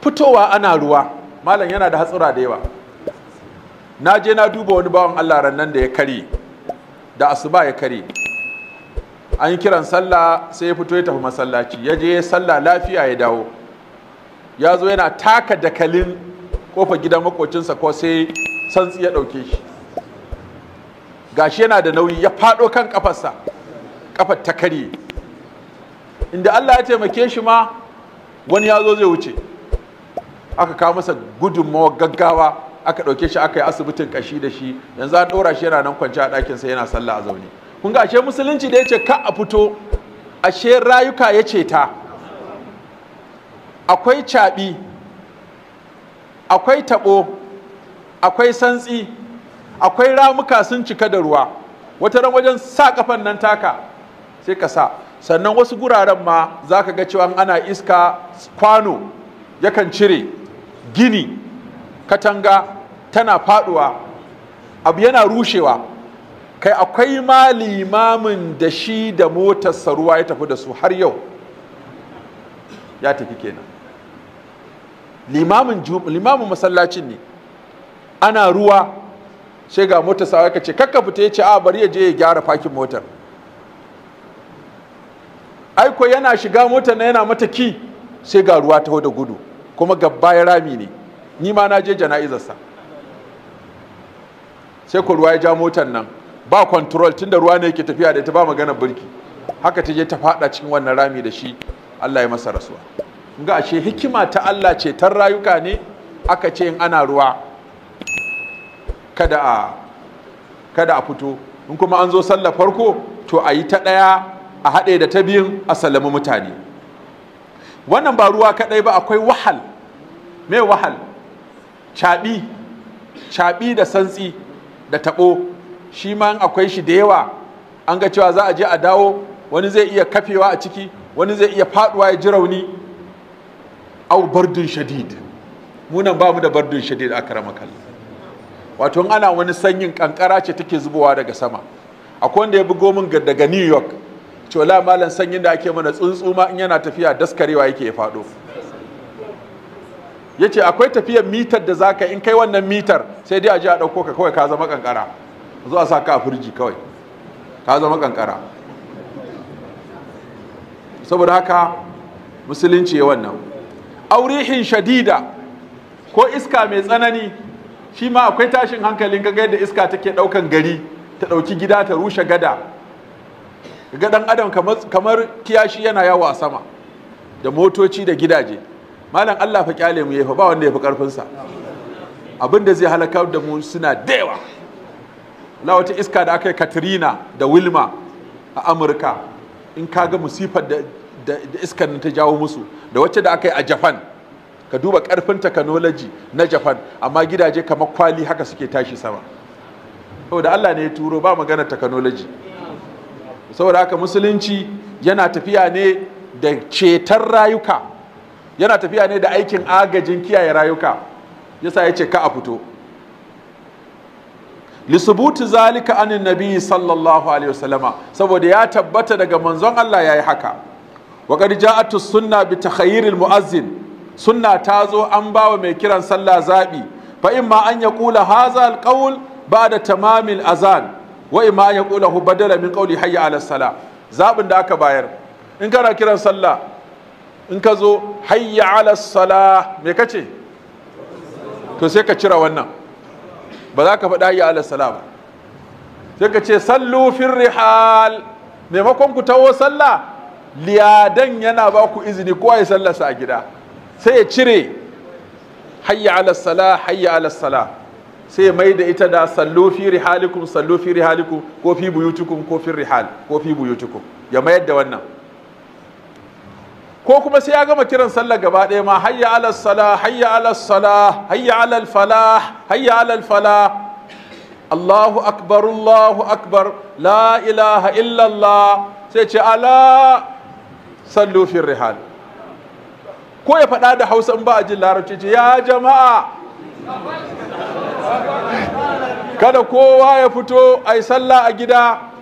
fitowa ana ruwa malam yana da hatsura da yawa na je na duba wani bawan Allah rannan da ya karye, da asuba ya karye. an yi kiran sallah sai ya fito ya tafi masallaci ya je sallah lafiya ya dawo ya zo yana taka dakalin kofa gidan makocinsa ko sai santsi ya ɗauke shi gashi yana da nauyi ya faɗo kan kafarsa kafar ta kare inda Allah ya taimake shi ma wani ya zo zai wuce aka kawo masa gudunmawar gaggawa aka ɗauke shi aka yi asibitin kashi da shi yanzu a ɗora shi yana nan kwance a ɗakinsa yana sallah a zaune kun ga ashe musulunci da ya ce ka a fito ashe rayuka ya ce ta akwai caɓi akwai taɓo akwai santsi akwai ramuka sun cika da ruwa wata ran wajen sa kafan nan taka sai ka sa sannan wasu guraren ma za ka ga cewa ana iska kwano yakan cire gini katanga tana faduwa abu yana rushewa kai akwai ma limamin da shi da motarsa ruwa ya tafi da su har yau ya tafi kenan limamin limamin masallacin ne ana ruwa sai ga motar sa aka ce kakka fita ya ce a bari ya je ya gyara fakin motar aiko yana shiga motar na yana mataki, ki sai ga ruwa taho da gudu kuma gabba ya rami ne ni ma na je jana'izarsa sai ku ruwa ya ja motar nan ba control tunda ruwa ne yake tafiya da ita ba magana birki haka ta je ta fada cikin wannan rami da shi Allah ya masa rasuwa ga ashe hikima ta Allah ce tar rayuka ne aka ce in ana ruwa kada a kada a fito in kuma an zo sallah farko to a yi ta ɗaya a haɗe da ta biyun a sallami mutane wannan ba ruwa kaɗai ba akwai wahal Mai wahal caɓi caɓi da santsi da taɓo shi ma akwai shi da yawa an ga cewa za a je a dawo wani zai iya kafewa a ciki wani zai iya faɗuwa ya ji rauni au bardun shadid munan ba mu da bardun shadid a karama kalli wato ana wani sanyin kankara ce take zubowa daga sama akwai wanda ya bugo min daga new york cewa malam sanyin da ake mana tsuntsu ma in yana tafiya daskarewa yake ya faɗo ya ce akwai tafiyar mitar da zaka in kai wannan mitar sai dai a ji a ɗauko ka kawai ka zama kankara a sa ka a firji kawai ka zama kankara saboda haka musulunci ya wannan aurihin shadida ko iska mai tsanani shi ma akwai tashin hankalin ga da iska take ɗaukan gari ta ɗauki gida ta rushe gada ga ɗan adam kamar kiyashi yana yawo a sama da motoci da gidaje malam Allah fa kyale mu yafa ba wanda yafi karfin sa abin da zai halaka da mu suna da yawa la wata iska da aka yi Katrina da Wilma a Amurka in kaga musifar da da, iskar ta jawo musu da wacce da aka yi a Japan ka duba karfin technology na Japan amma gidaje kamar kwali haka suke tashi sama saboda Allah ne ya turo ba magana technology saboda haka musulunci yana tafiya ne da cetar rayuka yana tafiya ne da aikin agajin kiyaye rayuka yasa ya ce ka a fito lisubutu zalika anin nabi sallallahu alaihi wasallama saboda ya tabbata daga manzon Allah yayi haka wa qad ja'at sunna bi takhayyiril muazzin sunna ta zo an bawa mai kiran sallah zabi fa ma an yaqula hadha alqawl ba'da tamamil azan wa imma an yaqula badala min qawli hayya ala salah zabin da aka bayar in kana kiran sallah in ka zo hayya ala sala me ka ce to sai ka cira wannan ba za ka faɗa hayya ala sala ba sai ka ce sallu fil rihal maimakon ku taho sallah liyadan yana ba ku izini kowa ya sallarsa a gida sai ya cire hayya ala sala hayya ala sala sai ya mai da ita da sallu fi rihalikum sallu fi rihalikum ko fi buyutukum ko fi rihal ko fi buyutukum ya mayar da wannan ko kuma sai ya gama kiran sallar gaba ɗaya ma hayya alal sala hayya alal sala hayya alal falah hayya alal falah Allahu akbar Allahu akbar la ilaha illallah sai ce ala sallu fil rihal ko ya faɗa da Hausa in ba a jin larabci ce ya jama'a kada kowa ya fito ai sallah a gida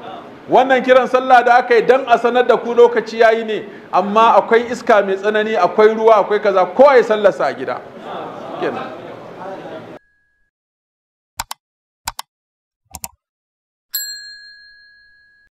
wannan kiran sallah da aka yi dan a sanar da ku lokaci yayi ne amma akwai iska mai tsanani akwai ruwa akwai kaza ko ya sallasa a gida kenan